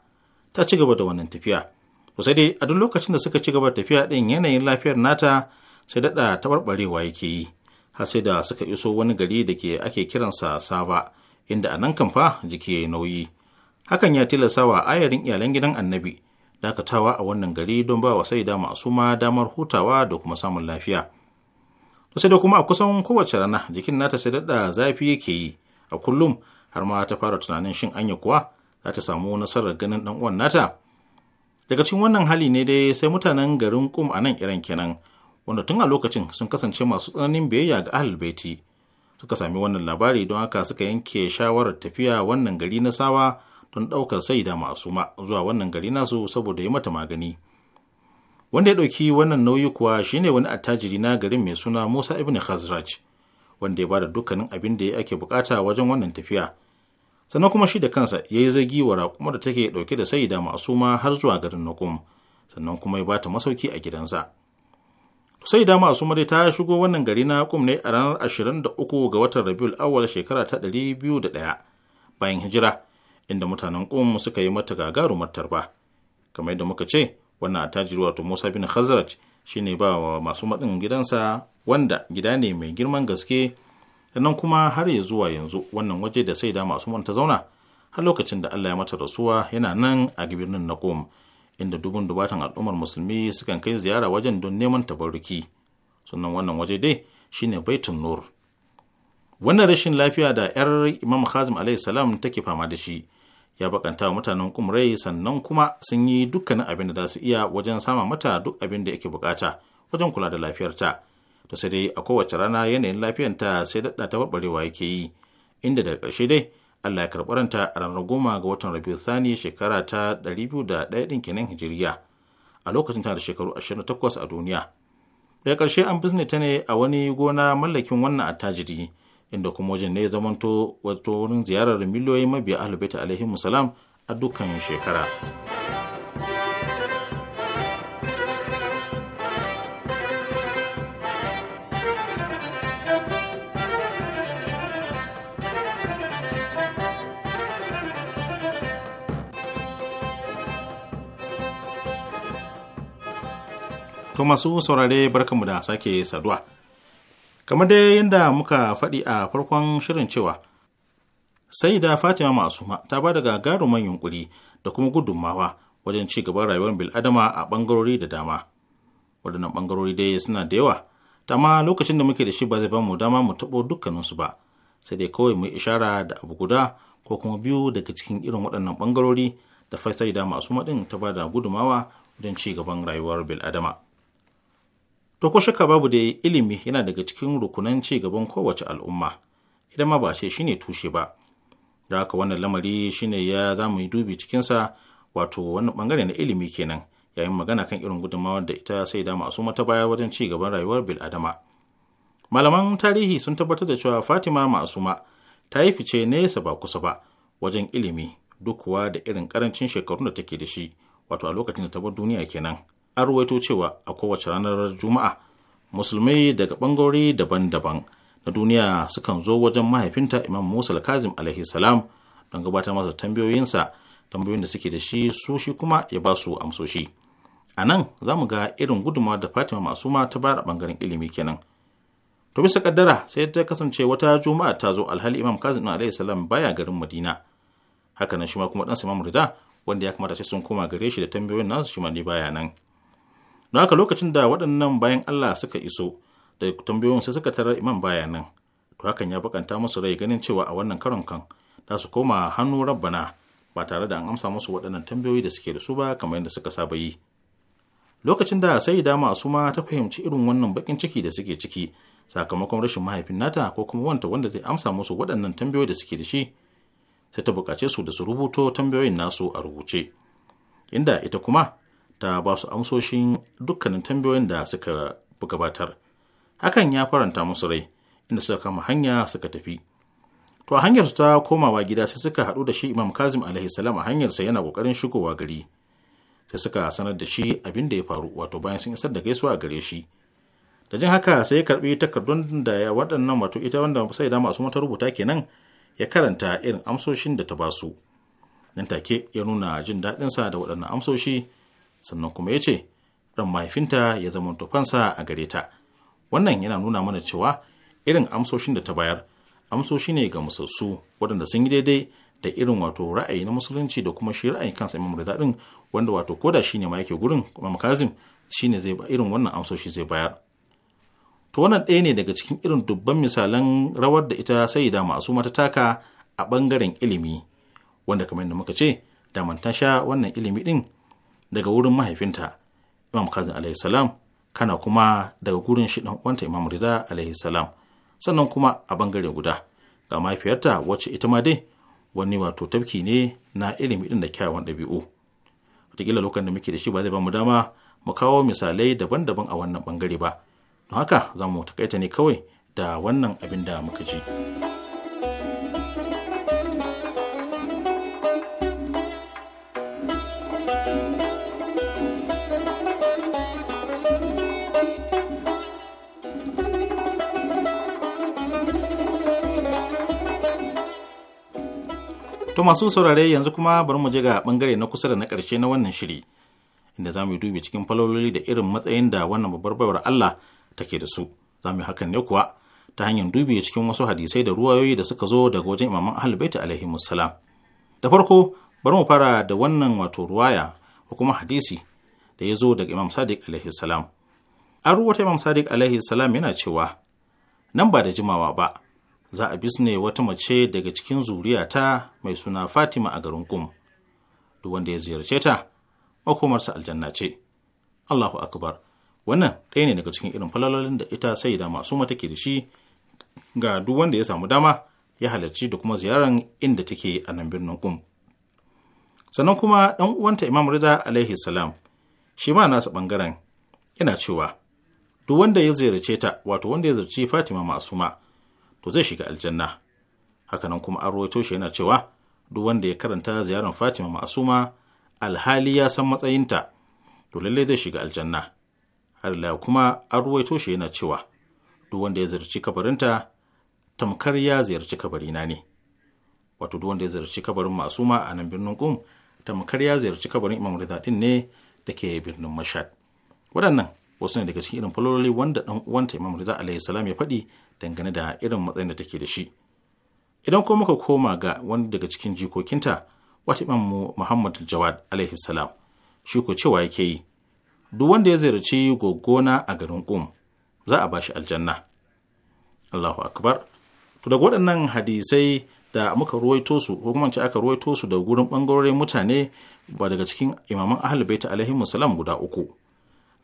S4: ta ci gaba da wannan tafiya to sai dai a duk lokacin da suka ci gaba tafiya ɗin yanayin lafiyar nata sai daɗa taɓarɓarewa yake yi har sai da suka iso wani gari da ke ake kiransa saba inda a nan kan fa jiki nauyi hakan ya tilasta wa ayarin iyalan gidan annabi dakatawa a wannan gari don ba wa sai a suma damar hutawa da kuma samun lafiya sai da kuma a kusan kowace rana jikin nata sai daɗa zafi yake yi a kullum har ma ta fara tunanin shin anya kuwa za ta samu nasarar ganin ɗan uwan nata daga cikin wannan hali ne dai sai mutanen garin kum a nan iran kenan wanda tun a lokacin sun kasance masu tsananin biyayya ga ahal baiti suka sami wannan labari don haka suka yanke shawarar tafiya wannan gari na sawa don ɗaukar sai da masu ma zuwa wannan gari nasu saboda yi mata magani wanda ya ɗauki wannan nauyi kuwa shine wani attajiri na garin mai suna musa ibn khazraj wanda ya bada dukkanin abin da ake bukata wajen wannan tafiya sannan kuma shi da kansa ya yi zagi wa raƙumar da take ɗauke da sai da masu ma har zuwa garin nukum sannan kuma ya bata masauki a gidansa sai da masu mare ta shigo wannan gari na kum ne a ranar 23 ga watan rabiul awal shekara ta 201 bayan hijira inda mutanen ƙum suka yi mata gagarumar tarba kamar yadda muka ce wannan attajiri wato musa bin khazraj shine ba wa masu maɗin gidansa wanda gida ne mai girman gaske sannan kuma har ya zuwa yanzu wannan waje da sai da masu manta zauna har lokacin da allah ya mata rasuwa yana nan a birnin na ƙum inda dubun dubatan al'ummar musulmi sukan kai ziyara wajen don neman tabarruki sannan wannan waje dai shine baitun nur wannan rashin lafiya da 'yar imam khazim alaihi salam take fama da shi ya bakanta mutanen kumrai sannan kuma sun yi dukkanin abin da za su iya wajen sama mata duk abin da yake bukata wajen kula da lafiyarta to sai dai a kowace rana yanayin lafiyarta sai daɗa ta barbarewa yake yi inda daga ƙarshe dai Allah ya karɓi a ranar goma ga watan Rabiu Sani shekara ta da ɗaya ɗin kenan Hijiriya a lokacin tana da shekaru 28 a duniya. Daga ƙarshe an bizne ta ne a wani gona mallakin wannan attajiri inda kuma wajen ne zamanto wato wurin ziyarar miliyoyi mabiya alubaita alaihi musalam a dukkan shekara. To masu saurare barkanmu da sake saduwa. kamar dai yadda muka faɗi a farkon shirin cewa sai da fatima ma ta ba da gagaruman yunkuri da kuma gudunmawa wajen ci gaban rayuwar bil'adama a bangarori da dama waɗannan bangarori dai suna da yawa ta ma lokacin da muke da shi ba zai ba mu dama mu taɓo dukkaninsu ba sai dai kawai mu ishara da abu guda ko kuma biyu daga cikin irin waɗannan bangarori da da masu maɗin ta ba da gudumawa wajen ci gaban rayuwar bil'adama. To ko shaka babu da ilimi yana daga cikin rukunan ci gaban kowace al'umma idan ma ba ce shine tushe ba. Da haka wannan lamari shine ya za mu yi dubi cikinsa wato wani bangare na ilimi kenan yayin magana kan irin gudunmawar da ita sai da masu mata baya wajen ci gaban rayuwar bil'adama. Malaman tarihi sun tabbatar da cewa Fatima Ma'asuma ta yi fice nesa ba kusa ba wajen ilimi duk kuwa da irin karancin shekarun da take da shi wato a lokacin da ta bar duniya kenan. an ruwaito cewa a kowace ranar juma'a musulmai daga ɓangarori daban-daban na duniya sukan zo wajen mahaifinta imam musa kazim alaihi salam don gabatar masa tambayoyinsa tambayoyin da suke da shi su shi kuma ya ba su amsoshi a nan za mu ga irin gudunmawa da fatima masu ta bayar a ɓangaren ilimi kenan to bisa kaddara sai ta kasance wata juma'a ta zo alhali imam kazim alaihi salam baya garin madina haka nan shi ma kuma dan imam rida wanda ya kamata sai sun koma gare shi da tambayoyin nasu shi ma ne baya nan don haka lokacin da waɗannan bayan Allah suka iso da tambayoyin sai suka tarar iman bayanan, to hakan ya bakanta musu rai ganin cewa a wannan karon kan za su koma hannu rabbana ba tare da an amsa musu waɗannan tambayoyi da suke da su ba kamar yadda suka saba yi lokacin da sai dama masu ma ta fahimci irin wannan bakin ciki da suke ciki sakamakon rashin mahaifin nata ko kuma wanta wanda zai amsa musu waɗannan tambayoyi da suke da shi sai ta buƙace su da su rubuto tambayoyin nasu a rubuce inda ita kuma ta ba su amsoshin dukkanin tambayoyin da suka gabatar hakan ya faranta musu rai inda suka kama hanya suka tafi to a hanyar su ta komawa gida sai suka haɗu da shi imam kazim alaihi salam a hanyar sa yana ƙoƙarin shigowa gari sai suka sanar da shi abin da ya faru wato bayan sun isar da gaisuwa a gare shi da jin haka sai ya karbi takardun da ya waɗannan wato ita wanda sai da masu mata rubuta kenan ya karanta irin amsoshin da ta ba su nan take ya nuna jin daɗinsa da waɗannan amsoshi sannan kuma ya ce ɗan mahaifinta ya zama tufansa a gare ta wannan yana nuna mana cewa irin amsoshin da ta bayar amsoshi ne ga musassu waɗanda sun yi daidai da irin wato ra'ayi na musulunci da kuma shi ra'ayin kansa imam da daɗin wanda wato koda ne ma yake gurin imam shi ne zai irin wannan amsoshi zai bayar to wannan ɗaya ne daga cikin irin dubban misalan rawar da ita sai da masu mata taka a ɓangaren ilimi wanda kamar yadda muka ce da ta sha wannan ilimi ɗin daga wurin mahaifinta imam kazin alaihi salam kana kuma daga gurin shi dan uwanta imam rida alaihi sannan kuma a bangare guda ga mahaifiyarta wacce ita ma dai wani wato tafki ne na ilimi din da kyawun ɗabi'u wataƙila lokacin da muke da shi ba zai ba mu dama mu kawo misalai daban-daban a wannan bangare ba don haka za mu takaita ne kawai da wannan abin da muka ji. To masu saurare yanzu kuma bari mu je ga bangare na kusa da na ƙarshe na wannan shiri inda za mu yi dubi cikin falololi da irin matsayin da wannan babbar baiwar Allah take da su. Za mu yi hakan ne kuwa ta hanyar dubi cikin wasu hadisai da ruwayoyi da suka zo daga wajen imaman Ahlul alaihi salam. Da farko bari mu fara da wannan wato ruwaya ko kuma hadisi da ya zo daga Imam Sadiq alaihi salam. An ruwata Imam Sadiq alaihi salam yana cewa nan ba da jimawa ba za a bisne wata mace daga cikin zuriyata mai suna Fatima a garin Kum. Duk wanda ya ziyarce ta, makomarsa aljanna ce. Allahu Akbar. Wannan ɗaya ne daga cikin irin falalolin da ita sai da masu mata ke da shi ga duk wanda ya samu dama ya halarci da kuma ziyaran inda take a nan birnin kum Sannan kuma ɗan uwanta Imam Rida alaihi salam shi ma nasa ɓangaren yana cewa duk wanda ya ziyarce ta wato wanda ya ziyarci Fatima ma. to zai shiga aljanna hakanan kuma an rawaito shi yana cewa duk wanda ya karanta ziyarar fatima ma'asuma alhali ya san matsayinta to lallai zai shiga aljanna har ila kuma an ruwaito shi yana cewa duk wanda ya ziyarci kabarinta tamkar ya ziyarci kabarina ne wato duk wanda ya ziyarci kabarin masuma a nan birnin kum tamkar ya ziyarci kabarin imam rida din ne da ke birnin mashad waɗannan wasu ne daga cikin irin falololi wanda dan uwanta imam rida alayhi salam ya faɗi dangane da irin matsayin da take da shi idan kuma muka koma ga wani daga cikin jikokinta wata imam muhammad jawad alayhi salam shi ko cewa yake yi duk wanda ya ziyarci gogona a garin Qum za a bashi aljanna allahu akbar to daga waɗannan hadisai da muka ruwaito su ko kuma ce aka ruwaito su da gurin bangarorin mutane ba daga cikin imaman ahlul baita alaihi salam guda uku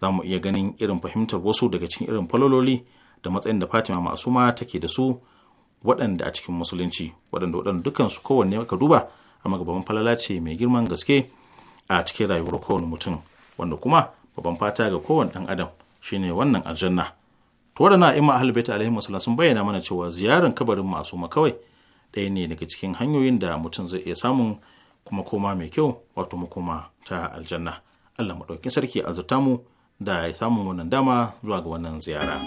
S4: za mu iya ganin irin fahimtar wasu daga cikin irin falololi da matsayin da fatima ma take da su waɗanda a cikin musulunci waɗanda waɗanda dukansu kowanne aka duba a gaban falala ce mai girman gaske a cikin rayuwar kowane mutum wanda kuma babban fata ga kowane ɗan adam shine wannan aljanna to waɗanda imma ahlul bait alaihi wasallam sun bayyana mana cewa ziyarar kabarin masuma kawai ɗaya ne daga cikin hanyoyin da mutum zai iya samun kuma koma mai kyau wato makoma ta aljanna Allah maɗaukin sarki azurta mu da samun wannan dama zuwa ga wannan ziyara.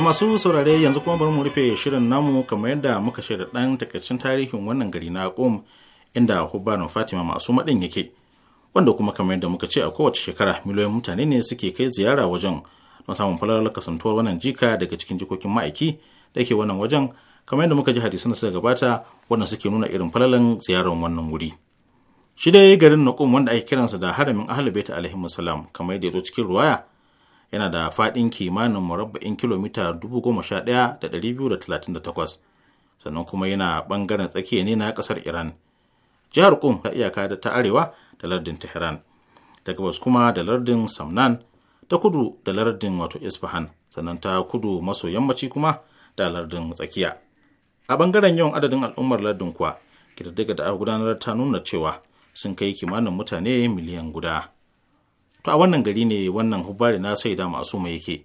S4: To masu saurare yanzu kuma bari mu rufe shirin namu kamar yadda muka da ɗan takaicin tarihin wannan gari na Qom inda Hubbanu Fatima masu maɗin yake. Wanda kuma kamar yadda muka ce a kowace shekara miliyoyin mutane ne suke kai ziyara wajen don samun falalar kasantuwar wannan jika daga cikin jikokin ma'aiki da ke wannan wajen kamar yadda muka ji hadisan da suka gabata wannan suke nuna irin falalan ziyarar wannan wuri. Shi dai garin Naqum wanda ake kiransa da haramin Ahlul Bait alaihi salam kamar yadda ya zo cikin ruwaya yana da faɗin kimanin murabba'in kilomita 11,238 sannan kuma yana ɓangaren tsakiya ne na ƙasar iran jihar kum ta iyaka da ta arewa da lardin tehran ta gabas kuma da lardin samnan ta kudu da lardin wato isfahan sannan ta kudu maso yammaci kuma da lardin tsakiya a ɓangaren yawan adadin al'ummar lardin kuwa kididdiga da aka gudanar ta nuna cewa sun kai kimanin mutane miliyan guda to a wannan gari ne wannan hubare na sai saida masu mai yake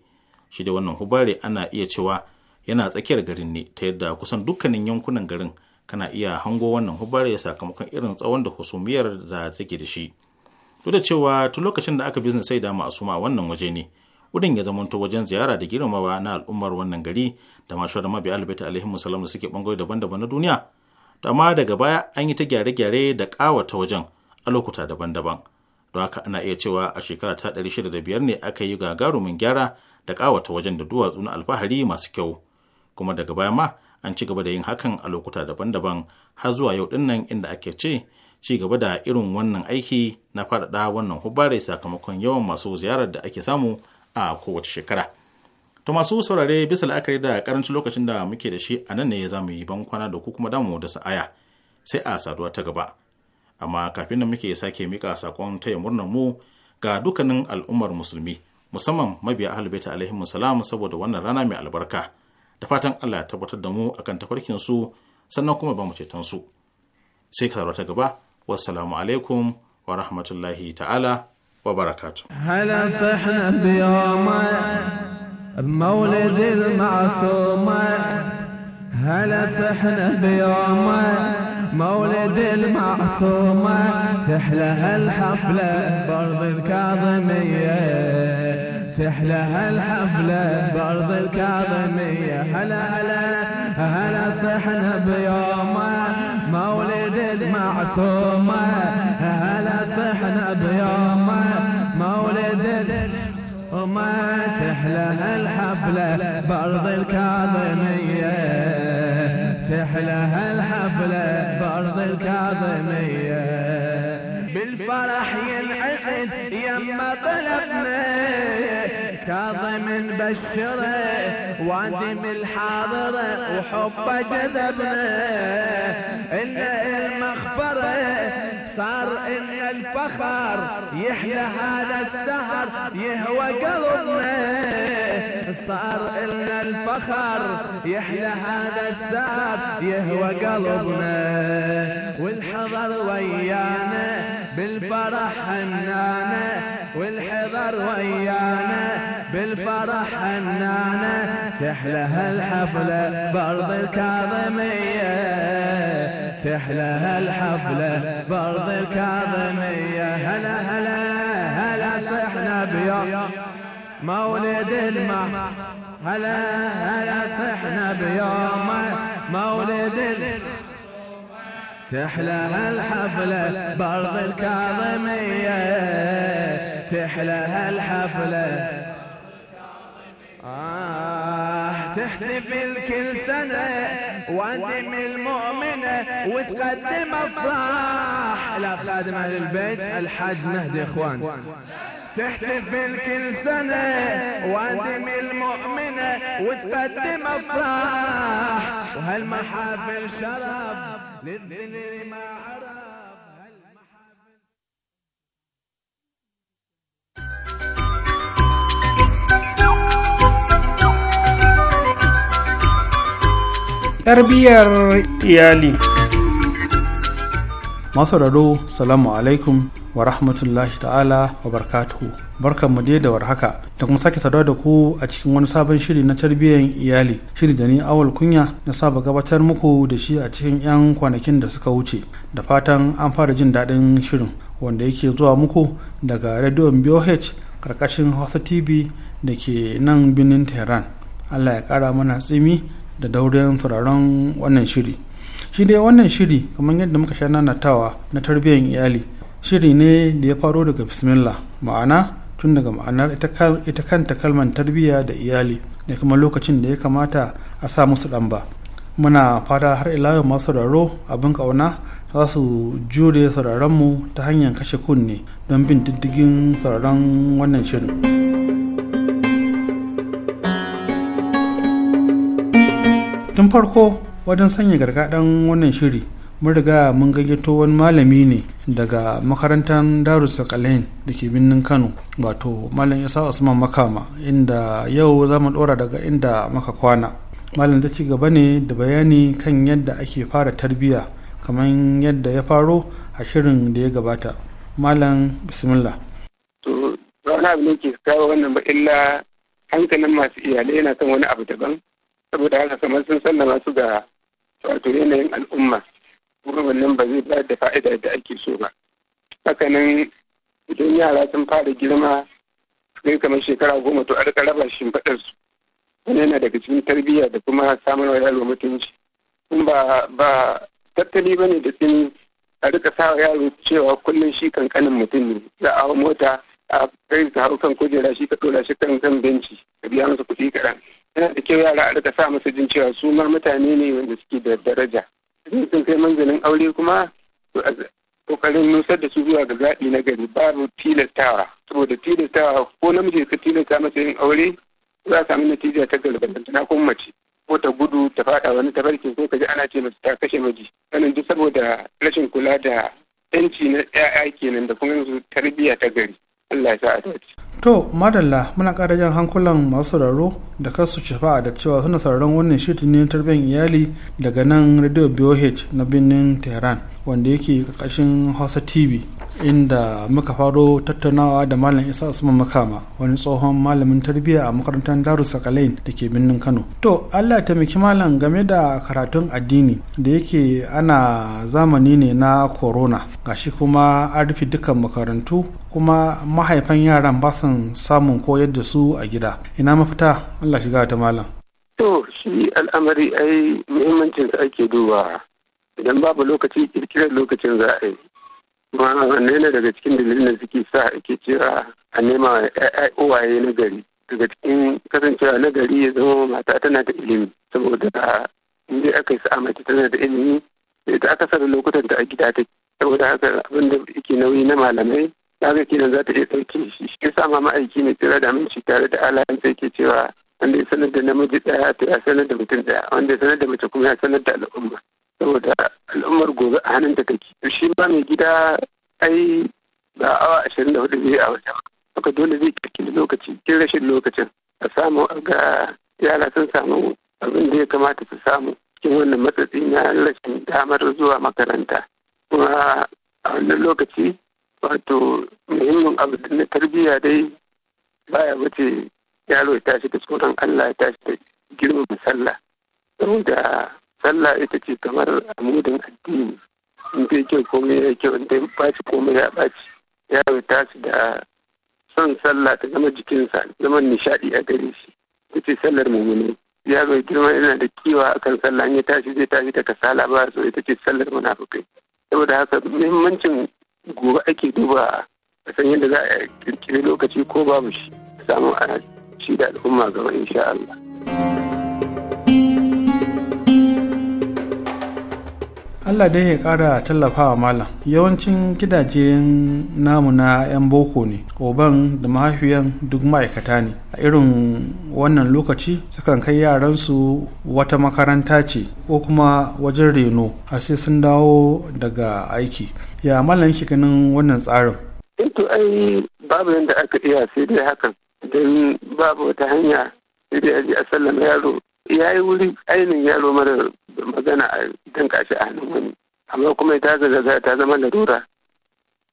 S4: shi da wannan hubare ana iya cewa yana tsakiyar garin ne ta yadda kusan dukkanin yankunan garin kana iya hango wannan hubare sakamakon irin tsawon da husumiyar da take da shi duk da cewa tun lokacin da aka bizin da masu ma wannan waje ne wurin ya zamanto wajen ziyara da girmamawa na al'ummar wannan gari da masu da mabiya albaita alaihi musallam da suke bangare daban-daban na duniya amma daga baya an yi ta gyare-gyare da kawata wajen a lokuta daban-daban don haka ana iya cewa a shekara ta biyar ne aka yi gagarumin gyara da ƙawata wajen da duwatsu na alfahari masu kyau kuma daga baya ma an ci gaba da yin hakan a lokuta daban-daban har zuwa yau dinnan inda ake ce ci gaba da irin wannan aiki na faɗaɗa wannan hubare sakamakon yawan masu ziyarar da ake samu a kowace shekara. To masu saurare bisa la'akari da karancin lokacin da muke da shi a nan ne za mu yi bankwana da ku kuma damu da sa'aya sai a saduwa ta gaba. amma kafin nan muke sake mika sakon taya murnar mu ga dukkanin al'ummar musulmi musamman mabiya ahlul bait alaihi salam saboda wannan rana mai albarka da fatan Allah ya tabbatar da mu akan tafarkin su sannan kuma ba mu ceton su sai ka ta gaba wassalamu alaikum wa rahmatullahi ta'ala wa barakatuh
S5: مولد المعصومة تحلى الحفلة برض الكاظمية تحلى الحفلة برض الكاظمية هلا هلا هلا صحنا بيومه مولد المعصومة هلا صحنا بيومه مولد وما تحلى الحفلة برض الكاظمية تحلى الحفلة الكاظمية بالفرح ينعقد يما طلبنا كاظم بشره وادم الحاضرة وحب جذبنا إن المخ صار ان الفخر يحلى هذا السهر يهوى قلبنا صار ان الفخر يحلى هذا السهر يهوى قلبنا والحضر ويانا بالفرح حنانا والحضر ويانا بالفرح حنانا تحلى هالحفلة برض الكاظمية افتح لها الحفلة برض الكاظمية هلا هلا هلا صحنا بيوم مولد المح هلا هلا صحنا بيوم
S6: مولد تحلى هالحفلة
S5: برض الكاظمية تحلى هالحفلة وتقدم افراح الى خادم اهل البيت الحاج مهدي اخوان تحتفل كل سنة وادم المؤمنة وتقدم افراح وهالمحافل شرف للذل ما عرف
S7: tarbiyyar masauraro salamu alaikum wa rahmatullahi ta'ala wa barkatuhu barkan mu da warhaka da kuma sake saduwa da ku a cikin wani sabon shiri na tarbiyyar iyali shiri da ni awal kunya na saba gabatar muku da shi a cikin 'yan kwanakin da suka wuce da fatan an fara jin daɗin shirin wanda yake zuwa muku daga rediyon BOH karkashin Hausa TV da ke nan birnin Tehran. Allah ya kara mana tsimi da daurin sauraron wannan shiri. shi dai wannan shiri kamar yadda muka sha nanatawa na tarbiyyar iyali shiri ne da ya faro daga bismillah ma'ana tun daga ma'anar ita kanta kalmar tarbiyya da iyali da kuma lokacin da ya kamata a sa musu ɗan ba muna fata har ila yau masu sauraro abin ƙauna za su jure sauraronmu ta hanyar kashe kunne don bin diddigin sauraron wannan shirin. tun farko wajen sanya gargaɗin wannan shiri mun riga mun gayyato wani malami ne daga makarantar darus sakalain da ke birnin kano wato malam isa usman makama inda yau za mu ɗora daga inda maka kwana malam ta ci gaba ne da bayani kan yadda ake fara tarbiyya kamar yadda ya faro a shirin da ya gabata malam bismillah
S8: to wani abu ne ke kawo wannan ba illa hankalin masu iyalai yana kan wani abu daban saboda haka kamar sun sallama su ga wato yanayin al'umma kuma wannan ba zai ba da fa'ida da ake so ba haka nan idan yara sun fara girma kai kamar shekara goma to a rika raba shimfiɗar su wani yana daga cikin tarbiyya da kuma samun wa yaro mutunci kun ba ba tattali ba ne da sun a rika sa yaro cewa kullum shi kankanin mutum ne za a hau mota a kai su hau kan kujera shi ka ɗora shi kan kan benci ka biya masa kuɗi kaɗan yana da kyau yara a rika sa masa jin cewa su ma mutane ne wanda suke da daraja idan sun kai manzanin aure kuma kokarin nusar da su zuwa ga zaɓi na gari babu tilastawa saboda tilastawa ko namiji ka tilasta masa yin aure za a samu natija ta galbantana ko mace ko ta gudu ta faɗa wani tafarki ko ka ji ana ce mace ta kashe maji. sannan duk saboda rashin kula da yanci na 'ya'ya kenan da kuma yanzu tarbiyya ta gari Allah ya sa a
S7: to madalla muna ƙara jan hankulan masu sauraro da kasu shafa'a da cewa suna sauraron wannan shirin ne tarbiyyar iyali daga nan radio boh na birnin tehran wanda yake ƙarƙashin hausa tv inda muka faro tattaunawa da malam isa usman makama wani tsohon malamin tarbiyya a makarantar sakalain da ke birnin kano to allah taimaki malam game da karatun addini da yake ana zamani ne na corona gashi kuma a rufe dukkan makarantu kuma mahaifan yaran ba samun koyar da su a gida ina mafita allah shiga ta malam
S8: to shi al'amari ai muhimmancin ake duba idan babu lokaci kirkirar lokacin za a yi na ne daga cikin dalilin da suke sa ake cewa a nema uwaye na gari daga cikin kasancewa na gari ya zama mata tana da ilimi saboda in aka yi sa'a mace tana da ilimi ita akasarin lokutan ta a gida ta saboda haka abin da yake nauyi na malamai ga kenan za ta iya sauke shi shi sa ma ma'aiki ne tsira da aminci tare da alayen sai ke cewa wanda ya sanar da namiji ɗaya to ya sanar da mutum ɗaya wanda ya sanar da mace kuma ya sanar da al'umma saboda al'ummar gobe a hannun ta take shi ba mai gida ai ba awa ashirin da hudu biyu a wata haka dole zai kirkiri lokaci cikin rashin lokacin a samu ga yara sun samu abin da ya kamata su samu cikin wannan matsatsi na rashin damar zuwa makaranta kuma a wannan lokaci wato muhimmin abu na tarbiyya dai baya wuce yaro ya tashi da tsoron Allah ya tashi da girmama sallah saboda sallah ita ce kamar amudin addini in fi kyau komai ya kyau in ta ɓaci komai ya ɓaci yaro tashi da son sallah ta zama jikinsa zama nishaɗi a gare shi ita ce sallar mumuni bai girma yana da kiwa a kan sallah in ya tashi zai tashi da kasala ba so ita ce sallar munafukai saboda haka muhimmancin gobe ake duba a san yadda za a kirkiri lokaci ko babu shi samu a shi da al'umma gaba insha Allah.
S7: allah dai ya kara tallafawa malam yawancin gidajen namu na 'yan boko ne oban da mahaifiyan duk ma'aikata ne a irin wannan lokaci sukan kai yaransu wata makaranta ce ko kuma wajen reno a sai sun dawo daga aiki ya malam shi ganin wannan tsarin
S8: Into eh ai babu yadda aka iya sai dai hakan don babu wata hanya sai dai a sallama yaro ya yi wuri ainihin yaro mara magana a danka kashi a hannun wani amma kuma ita zazzaga ta zama larura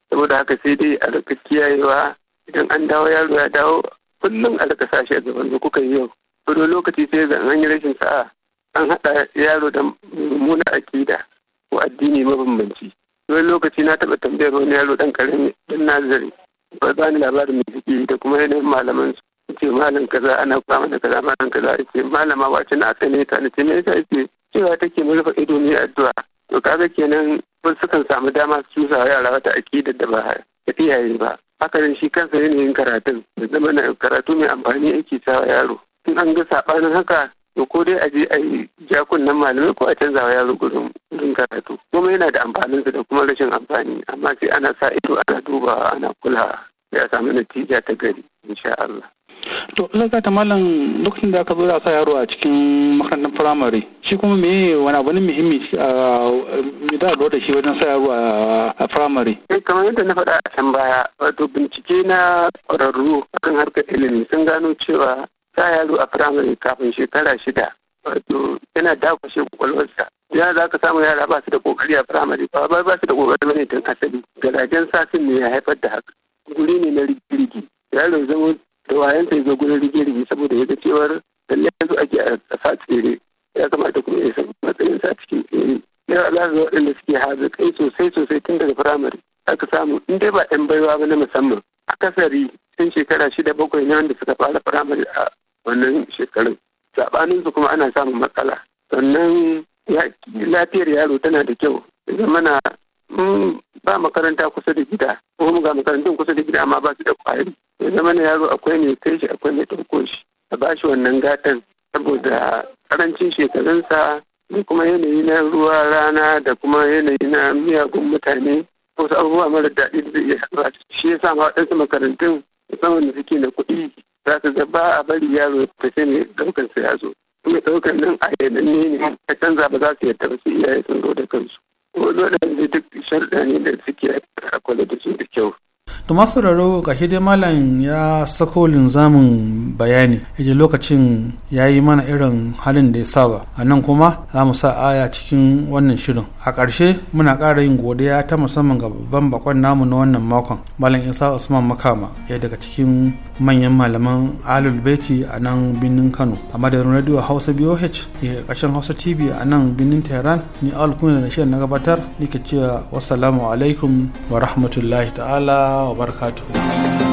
S8: saboda haka sai dai a rika kiyayewa idan an dawo yaro ya dawo kullum a rika sashi a gaban da kuka yi yau wani lokaci sai zan an yi rashin sa'a an haɗa yaro da mummuna akida ko addini mabambanci wani lokaci na taɓa tambayar wani yaro ɗan karami ɗan nazari ba za ni labarin mai suke da kuma yanayin malaman su ce malam kaza ana kama da kaza malam kaza ce malama wace na ne ta ce me yasa ce cewa take mu ido ne addu'a to kaga kenan wasu sukan samu dama su cusa yara wata aƙidar da ba ta iyaye ba haka ne shi kansa yanayin karatun da zama na karatu mai amfani yake sawa yaro in an ga saɓanin haka to ko dai a je a yi jakunan malamai ko a canza wa yaro gurin gurin karatu kuma yana da su da kuma rashin amfani amma sai ana sa ido ana dubawa ana kulawa ya samu natija ta gari insha Allah
S7: to ta malam lokacin da aka zo a sa yaro a cikin makarantar firamare shi kuma me
S8: wani abu ne muhimmi me da da shi wajen sa yaro a firamare eh, kamar yadda na faɗa a can baya wato bincike na ƙwararru kan harkar ilimi sun gano cewa sa yaro a firamare kafin shekara shida wato yana dakushe kwakwalwarsa Ya za ka samu yara ba su da ƙoƙari a firamare ba ba su da kokari ne tun asali garajen sasin ne ya haifar da haka guri ne na rigirgi yaro zama da wayan ya zo gurin rige saboda ya ga cewar lalle yanzu ake a sa tsere ya kamata kuma ya san matsayin sa cikin tsere ya alaƙa waɗanda suke kai sosai sosai tun daga firamare aka samu in dai ba 'yan baiwa ba na musamman akasari tun shekara shida bakwai na wanda suka fara firamare a wannan shekarun saɓaninsu kuma ana samun matsala sannan lafiyar yaro tana da kyau mana mm, ba makaranta kusa da gida ko ga makarantun kusa da gida amma ba su da ƙwari ya zama na yaro akwai mai kai shi akwai mai ɗauko shi a ba shi wannan gatan saboda karancin shekarunsa da kuma yanayi na ruwa rana da kuma yanayi na miyagun mutane wasu abubuwa mara daɗi da zai iya haɗuwa shi ya sa ma waɗansu makarantun musamman da suke na kuɗi za su ga a bari yaro ta ce mai ɗaukan sa ya kuma ɗaukan nan a yanayi ne a canza ba za su yarda ba su iyaye sun zo da kansu ko waɗanda duk sharɗa
S7: ne da suke a kwale da su da kyau to masu raro ƙashi dai malam ya sako linzamin bayani yaje lokacin ya yi mana irin halin da ya saba a nan kuma za mu sa aya cikin wannan shirin a ƙarshe muna ƙara yin godiya ta musamman ga babban bakon namu na wannan makon malam isa usman makama ya daga cikin manyan malaman alul beti a nan birnin kano a madadin radio hausa boh ya ƙarshen hausa tv a nan birnin tehran ni alkuna da na na gabatar nake cewa wassalamu alaikum wa rahmatullahi ta'ala ta'ala wa barakatuhu